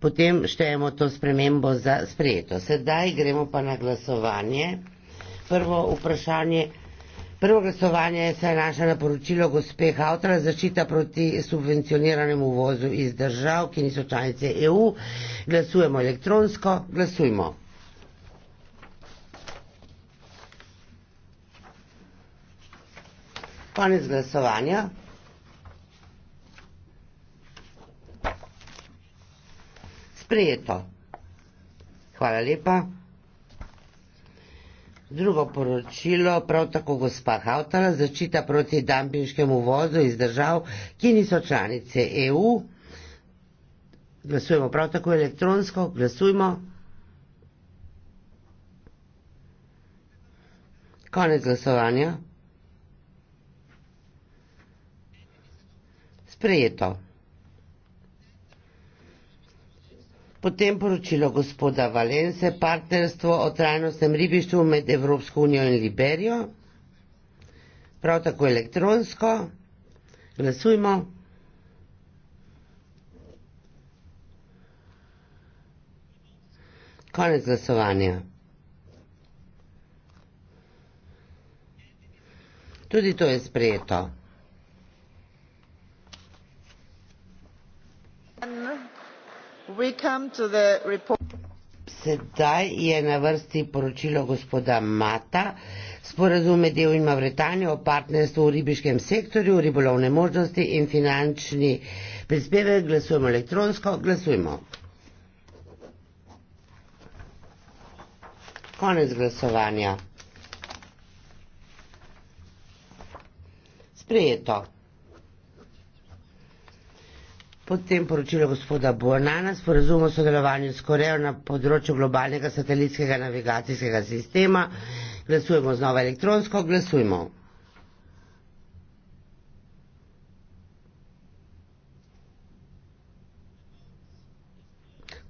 potem štejemo to spremembo za sprejeto. Sedaj gremo pa na glasovanje. Prvo vprašanje. Prvo glasovanje se je naša na poročilo gospe Hautra zaščita proti subvencioniranemu uvozu iz držav, ki niso članice EU. Glasujemo elektronsko. Glasujmo. Konec glasovanja. sprejeto. Hvala lepa. Drugo poročilo, prav tako gospa Hautala, začita proti dampinškemu vozu iz držav, ki niso članice EU. Glasujemo prav tako elektronsko, glasujmo. Konec glasovanja. Sprejeto. Potem poročilo gospoda Valence, partnerstvo o trajnostnem ribištvu med Evropsko unijo in Liberijo, prav tako elektronsko, glasujmo. Konec glasovanja. Tudi to je sprejeto. Sedaj je na vrsti poročilo gospoda Mata. Sporazum med EU in Mavretanijo o partnerstvu v ribiškem sektorju, ribolovne možnosti in finančni prispevek glasujemo elektronsko. Glasujemo. Konec glasovanja. Sprejeto. Potem poročilo gospoda Bonana, sporazum o sodelovanju s Korejo na področju globalnega satelitskega navigacijskega sistema. Glasujemo znova elektronsko, glasujmo.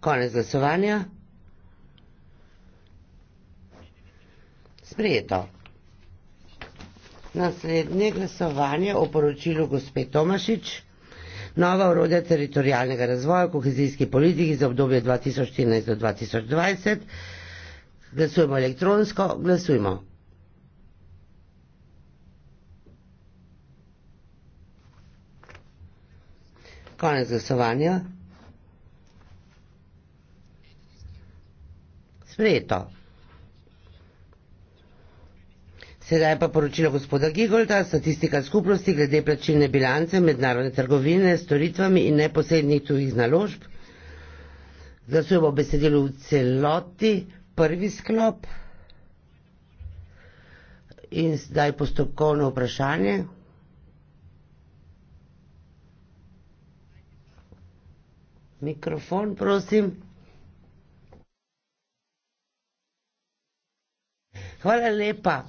Konec glasovanja. Sprejeto. Naslednje glasovanje o poročilu gospe Tomašič nova urodja teritorijalnega razvoja v kohezijski politiki za obdobje 2014 do 2020. Glasujemo elektronsko, glasujmo. Konec glasovanja. Sprejeto. Sedaj pa poročilo gospoda Gigolda, statistika skupnosti glede plačilne bilance mednarodne trgovine s storitvami in neposrednih tujih naložb. Glasujemo o besedilu v celoti, prvi sklop. In zdaj postopkovno vprašanje. Mikrofon, prosim. Hvala lepa.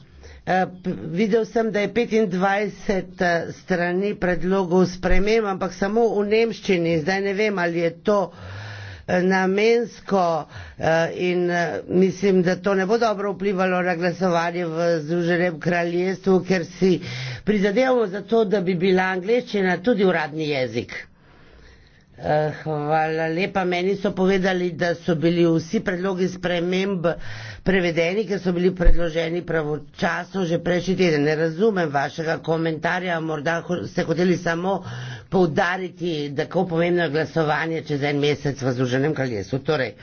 Eh, videl sem, da je 25 eh, strani predlogov sprememb, ampak samo v nemščini. Zdaj ne vem, ali je to eh, namensko in mislim, da to ne bo dobro vplivalo na glasovanje v Združenem kraljestvu, ker si prizadevamo za to, da bi bila angleščina tudi uradni jezik. Eh, hvala lepa. Meni so povedali, da so bili vsi predlogi sprememb prevedeni, ker so bili predloženi pravočasno že prejšnji teden. Ne razumem vašega komentarja, morda ste hoteli samo poudariti tako pomembno glasovanje čez en mesec v Združenem kraljestvu. Torej,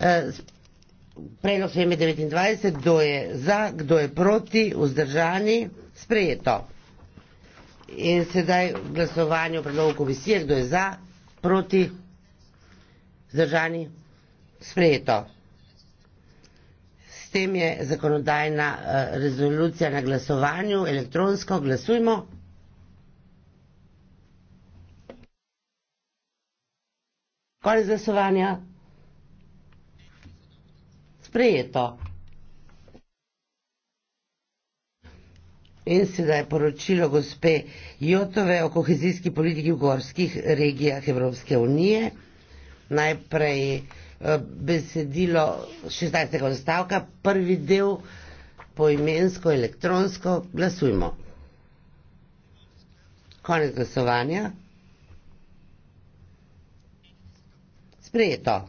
eh, predlog sveme 29, kdo je za, kdo je proti, vzdržani, sprejeto. In sedaj glasovanje o predlogu komisije, kdo je za, proti zdržani sprejeto. S tem je zakonodajna eh, rezolucija na glasovanju, elektronsko glasujmo. Konec glasovanja. Sprejeto. in sedaj poročilo gospe Jotove o kohezijski politiki v gorskih regijah Evropske unije. Najprej eh, besedilo 16. odstavka, prvi del poimensko, elektronsko, glasujmo. Konec glasovanja. Sprejeto.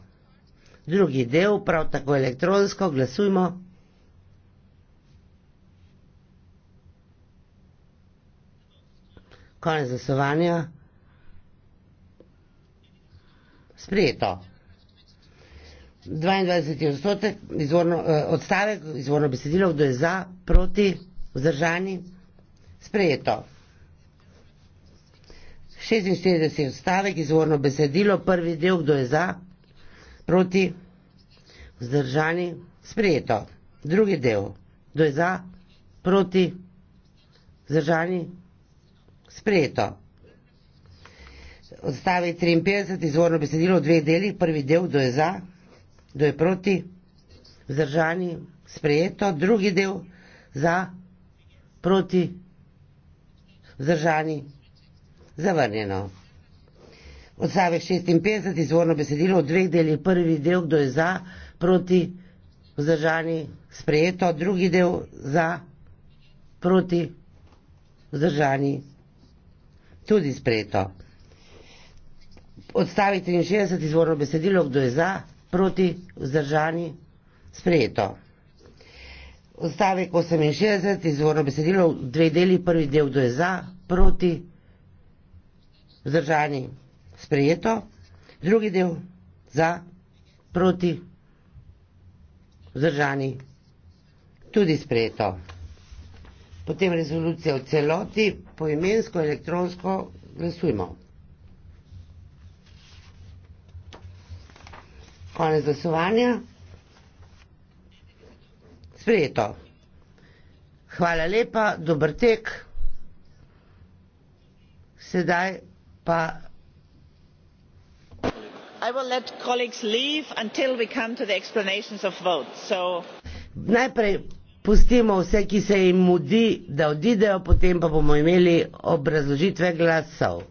Drugi del, prav tako elektronsko, glasujmo. konec glasovanja. Sprejeto. 22. odstotek, izvorno, eh, odstavek, izvorno besedilo, kdo je za, proti, vzdržani, sprejeto. 46. odstavek, izvorno besedilo, prvi del, kdo je za, proti, vzdržani, sprejeto. Drugi del, kdo je za, proti, vzdržani, sprejeto. Sprejeto. Odstavek 53, izvorno besedilo v dveh delih, prvi del, kdo je za, kdo je proti, vzdržani, sprejeto, drugi del, za, proti, vzdržani, zavrnjeno. Odstavek 56, izvorno besedilo v dveh delih, prvi del, kdo je za, proti, vzdržani, sprejeto, drugi del, za, proti, vzdržani, zavrnjeno tudi sprejeto. Odstavi 63 izvorno besedilo, kdo je za, proti, vzdržani, sprejeto. Odstavek 68 izvorno besedilo v dve deli, prvi del, kdo je za, proti, vzdržani, sprejeto. Drugi del, za, proti, vzdržani, tudi sprejeto potem rezolucija v celoti, poimensko, elektronsko, glasujmo. Konec glasovanja. Sprejeto. Hvala lepa, dober tek. Sedaj pa. Najprej pustimo vse, ki se jim mudi, da odidejo, potem pa bomo imeli obrazložitve glasov.